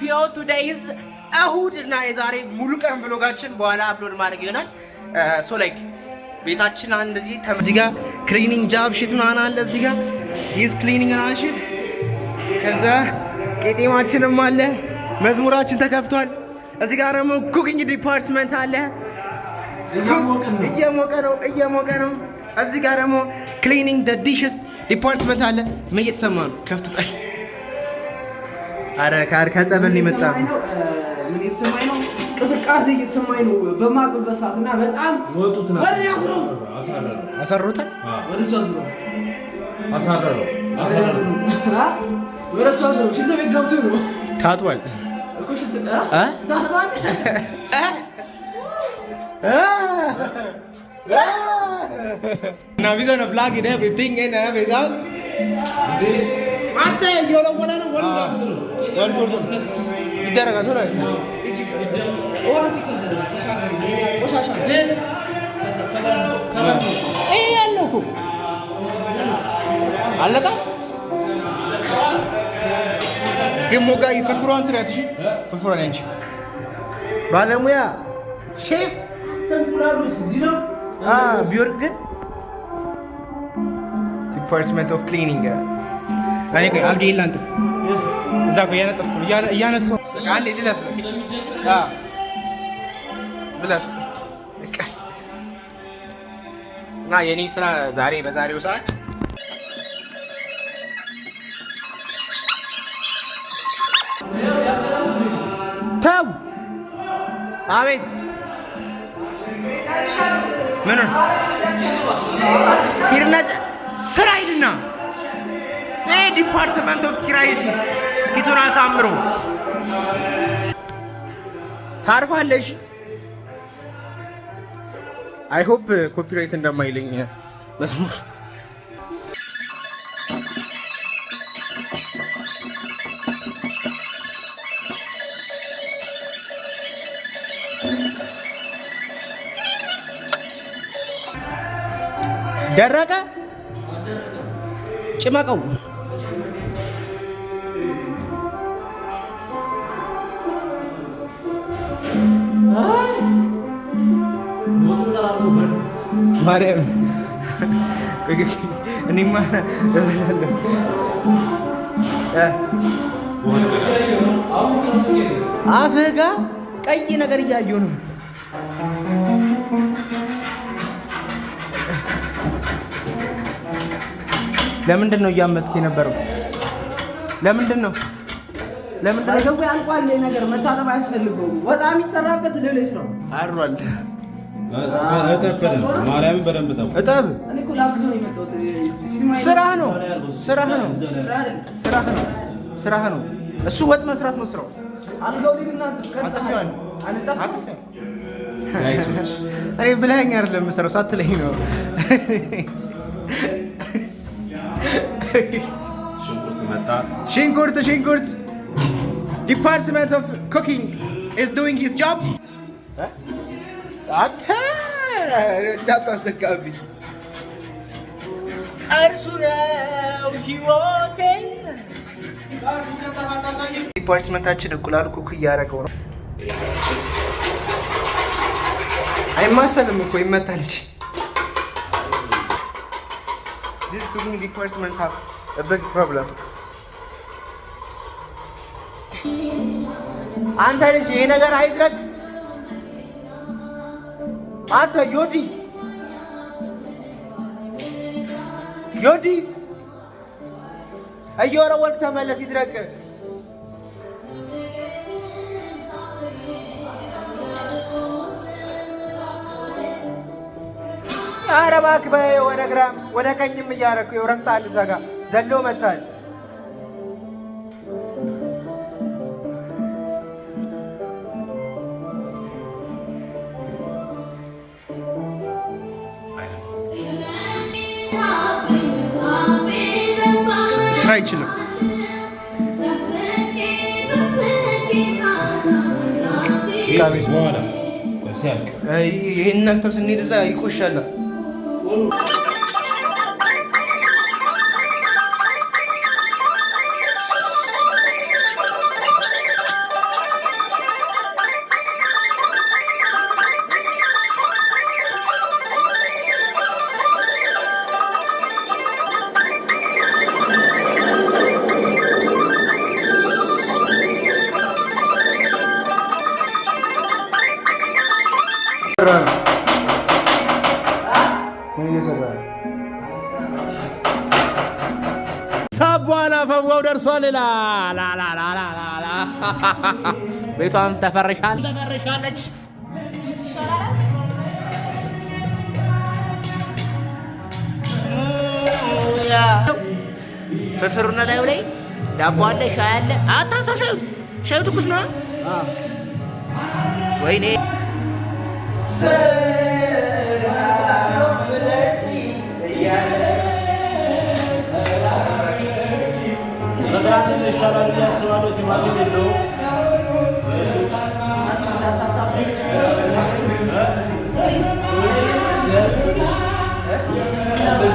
ፒዮ ቱዴይዝ እሁድ እና የዛሬ ሙሉ ቀን ብሎጋችን በኋላ አፕሎድ ማድረግ ይሆናል። ሶ ላይክ ቤታችን አንድ እዚህ ተመዚጋ ክሊኒንግ ጃብ ሺት ምናምን አለ እዚህ ጋር ይዝ ክሊኒንግ ምናምን ሽት ከዛ ቄጤማችንም አለ መዝሙራችን ተከፍቷል። እዚህ ጋር ደግሞ ኩኪንግ ዲፓርትመንት አለ። እየሞቀ ነው እየሞቀ ነው። እዚህ ጋር ደግሞ ክሊኒንግ ዲሽስ ዲፓርትመንት አለ። ምን እየተሰማ ነው? ከፍቶታል አረ ካር ይመጣ ነው። ምን ነው? ቅስቃሴ እየተሰማኝ ነው። በማጥበት ሰዓት በጣም ወጡት ነው። ወደ ያስሩ አሰሩታ ወደ ሰው አሰራሩ አሰራሩ ወደ ሰው ሰው ሽንት ነው ታጥቧል እኮ ሽንት አ ታጥቧል አ አ እና ቪዲዮ ነው ፍላግ ኢን ኤቭሪቲንግ ኢን ኤቭሪቲንግ አንተ እየወለወለ ነው ወለወለ ነው ይደረጋል። ይሄ ያለው እኮ አለቃ ግን ሞጋ ፈርፍሯን ስሪያት እሺ፣ ያንቺ ባለሙያ ሼፍ ቢወርቅ ግን ዲፓርትመንት ኦፍ ክሊኒንግ አልጌ እዛ ጋር እያነጠፍኩ እያነሳሁ አንዴ ልለፍ ብለፍ እና የኔ ስራ ዛሬ በዛሬው ሰዓት ተው። አቤት ምን ሂድና ስራ ሂድና ዲፓርትመንት ኦፍ ክራይሲስ ፊቱን አሳምሮ ታርፋለሽ። አይሆፕ ኮፒራይት እንደማይለኝ መዝሙር ደረቀ ጭመቀው ማርያም እኔማ አፍህ ጋር ቀይ ነገር እያየሁ ነው። ለምንድን ነው እያመስክ የነበረው? ለምንድን ነው ለምን ደው ያልቋል ነገር መታጠብ አያስፈልገውም። ወጣም ይሰራበት ልል ይስራው አሯል እጠብ ስራህ ነው ስራህ ነው ስራህ ነው ስራህ ነው። እሱ ወጥ መስራት ነው ስራው። እኔ ብለኸኝ አይደለም የምሰራው ሳትለኝ ነው። ሽንኩርት ሽንኩርት Department of Cooking is doing his job. አታስቃቢ እርሱ ነው ህይወቴን። ዲፓርትመንታችን እንቁላል ኩክ እያደረገው ነው። አይማሰልም እኮ ይመታል እንጂ ዲስ ኩኪንግ ዲፓርትመንት ሀቭ ቢግ ፕሮብለም አንተ ልጅ ይሄ ነገር አይድረግ። አንተ ዮዲ ዮዲ እየወረወልክ ተመለስ፣ ይድረቅ። ኧረ እባክህ በይ ወደ ግራም ወደ ቀኝም እያረኩ የውረምጣል ዘጋ ዘሎ መታል አይችልም። ይህን ነክተህ ስንሄድ እዛ ይቆሻል። ላ ቤቷም ተፈርሻለች። ፍርፍሩን ላዩ ላይ ዳቦ አለ፣ ሻይ አለ። አታሰው ሻዩ ሻዩ ትኩስ ነው። ወይኔ sekarang dia selalu dimati dulu. Atas apa? Tulis.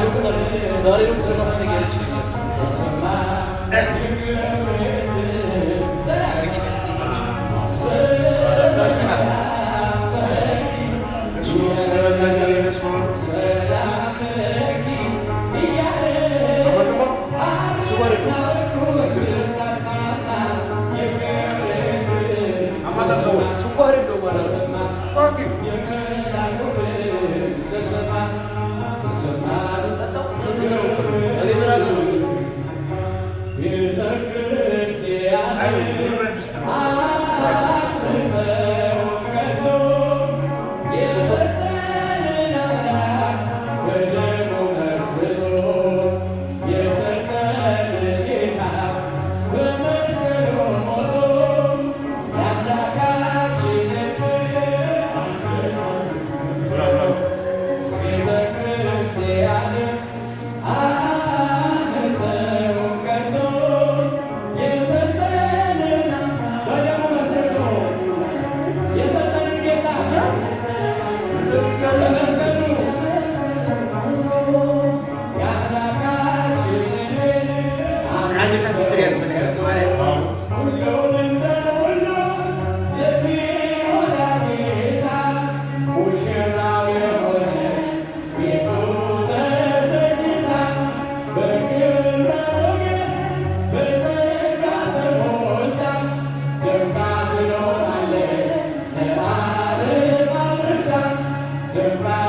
Tulis. Sorry, Aleluia. የመነሳት ፍቅር ያስፈልጋል ማለት Goodbye.